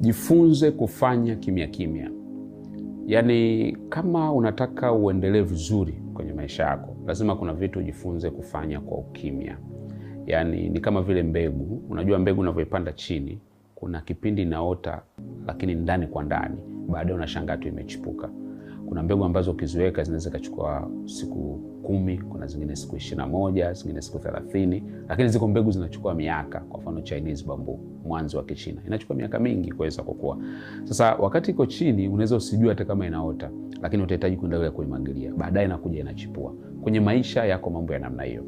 jifunze kufanya kimya kimya. Yaani, kama unataka uendelee vizuri kwenye maisha yako, lazima kuna vitu ujifunze kufanya kwa ukimya. Yaani ni kama vile mbegu, unajua mbegu unavyoipanda chini, kuna kipindi inaota, lakini ndani kwa ndani, baadaye unashangaa tu imechipuka. Kuna mbegu ambazo ukiziweka zinaweza ikachukua siku kumi, kuna zingine siku ishirini na moja, zingine siku thelathini, lakini ziko mbegu zinachukua miaka. Kwa mfano Chinese bamboo, mwanzi wa Kichina, inachukua miaka mingi kuweza kukua. Sasa wakati iko chini, unaweza usijua hata kama inaota, lakini utahitaji kuendelea kuimwagilia, baadaye inakuja inachipua. Kwenye maisha yako mambo ya namna hiyo,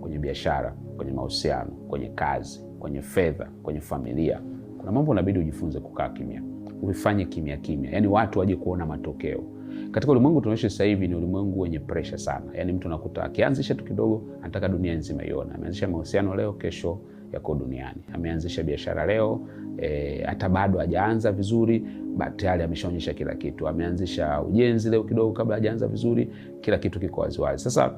kwenye biashara, kwenye mahusiano, kwenye kazi, kwenye fedha, kwenye familia, kuna mambo unabidi ujifunze kukaa kimya, uifanye kimya kimya, yani watu waje kuona matokeo katika ulimwengu tunaoishi sasa hivi ni ulimwengu wenye presha sana, yaani mtu anakuta akianzisha tu kidogo anataka dunia nzima iona. Ameanzisha mahusiano leo, kesho yako duniani. Ameanzisha biashara leo, eh, hata e, bado hajaanza vizuri tayari ameshaonyesha kila kitu. Ameanzisha ujenzi leo kidogo, kabla hajaanza vizuri, kila kitu kiko waziwazi. Sasa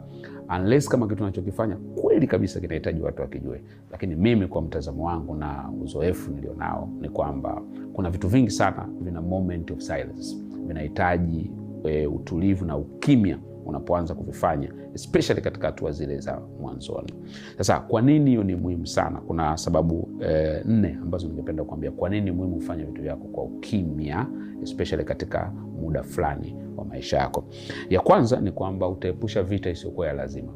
unless kama kitu anachokifanya kweli kabisa kinahitaji watu wakijue, lakini mimi kwa mtazamo wangu na uzoefu nilionao ni kwamba kuna vitu vingi sana vina moment of silence, vinahitaji e, utulivu na ukimya unapoanza kuvifanya especially katika hatua zile za mwanzoni. Sasa kwa nini hiyo ni muhimu sana? Kuna sababu e, nne ambazo ningependa kuambia kwa nini muhimu ufanye vitu vyako kwa ukimya especially katika muda fulani wa maisha yako. Ya kwanza ni kwamba utaepusha vita isiyokuwa ya lazima.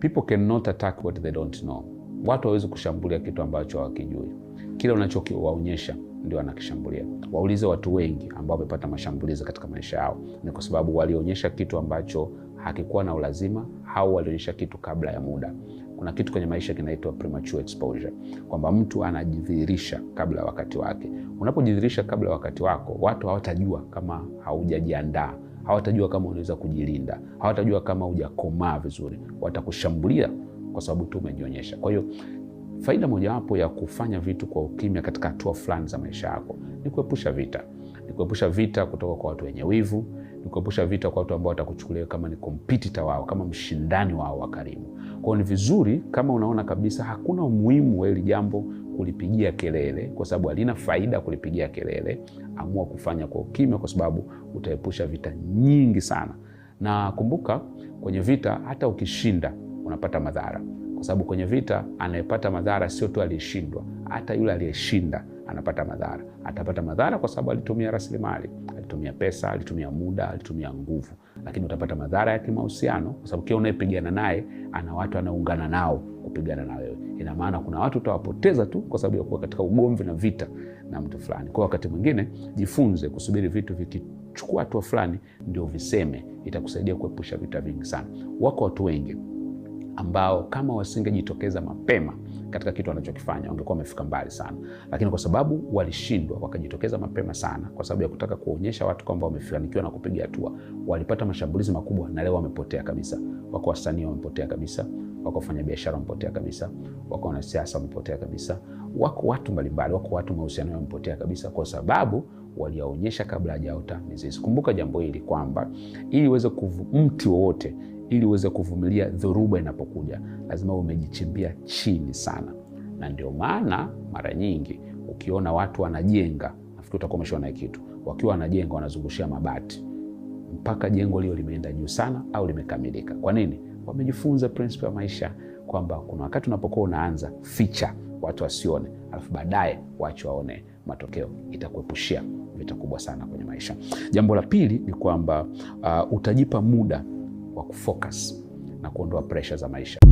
People cannot attack what they don't know. Watu hawawezi kushambulia kitu ambacho hawakijui. Kile unachokiwaonyesha ndio anakishambulia. Waulize watu wengi ambao wamepata mashambulizi katika maisha yao, ni kwa sababu walionyesha kitu ambacho hakikuwa na ulazima au walionyesha kitu kabla ya muda. Kuna kitu kwenye maisha kinaitwa premature exposure, kwamba mtu anajidhihirisha kabla ya wakati wake. Unapojidhihirisha kabla ya wakati wako, watu hawatajua kama haujajiandaa, hawatajua kama unaweza kujilinda, hawatajua kama hujakomaa vizuri, watakushambulia kwa sababu tu umejionyesha. Kwa hiyo Faida mojawapo ya kufanya vitu kwa ukimya katika hatua fulani za maisha yako ni kuepusha vita, ni kuepusha vita kutoka kwa watu wenye wivu, ni kuepusha vita kwa watu ambao watakuchukulia kama ni competitor wao, kama mshindani wao wa karibu. Kwao ni vizuri kama unaona kabisa hakuna umuhimu wa hili jambo kulipigia kelele, kwa sababu halina faida kulipigia kelele, amua kufanya kwa ukimya, kwa sababu utaepusha vita nyingi sana. Na kumbuka, kwenye vita hata ukishinda unapata madhara kwa sababu kwenye vita anayepata madhara sio tu aliyeshindwa, hata yule aliyeshinda anapata madhara. Atapata madhara kwa sababu alitumia rasilimali, alitumia pesa, alitumia muda, alitumia nguvu. Lakini utapata madhara ya kimahusiano, kwa sababu kila unayepigana naye ana watu anaungana nao kupigana na wewe. Ina maana kuna watu utawapoteza tu kwa sababu ya kuwa katika ugomvi na vita na mtu fulani. Kwa wakati mwingine, jifunze kusubiri vitu vikichukua hatua fulani ndio viseme, itakusaidia kuepusha vita vingi sana. Wako watu wengi ambao kama wasingejitokeza mapema katika kitu wanachokifanya wangekuwa wamefika mbali sana, lakini kwa sababu walishindwa, wakajitokeza mapema sana kwa sababu ya kutaka kuonyesha watu kwamba wamefanikiwa na kupiga hatua, walipata mashambulizi makubwa, na leo wamepotea kabisa. Wako wasanii wamepotea kabisa, wako wafanyabiashara wamepotea kabisa, wako wanasiasa wamepotea kabisa, wako watu mbalimbali, wako watu mahusiano wamepotea kabisa, kwa sababu waliaonyesha kabla hajaota mizizi. Kumbuka jambo hili kwamba ili uweze kuvu mti wowote ili uweze kuvumilia dhoruba inapokuja, lazima umejichimbia chini sana. Na ndio maana mara nyingi ukiona watu wanajenga, nafikiri utakuwa umeshaona kitu, wakiwa wanajenga wanazungushia mabati mpaka jengo lio limeenda juu sana au limekamilika. Kwa nini? Wamejifunza prinsipi ya maisha kwamba kuna wakati unapokuwa unaanza, ficha watu wasione, alafu baadaye wache waone matokeo. Itakuepushia vita kubwa sana kwenye maisha. Jambo la pili ni kwamba uh, utajipa muda wa kufocus na kuondoa presha za maisha.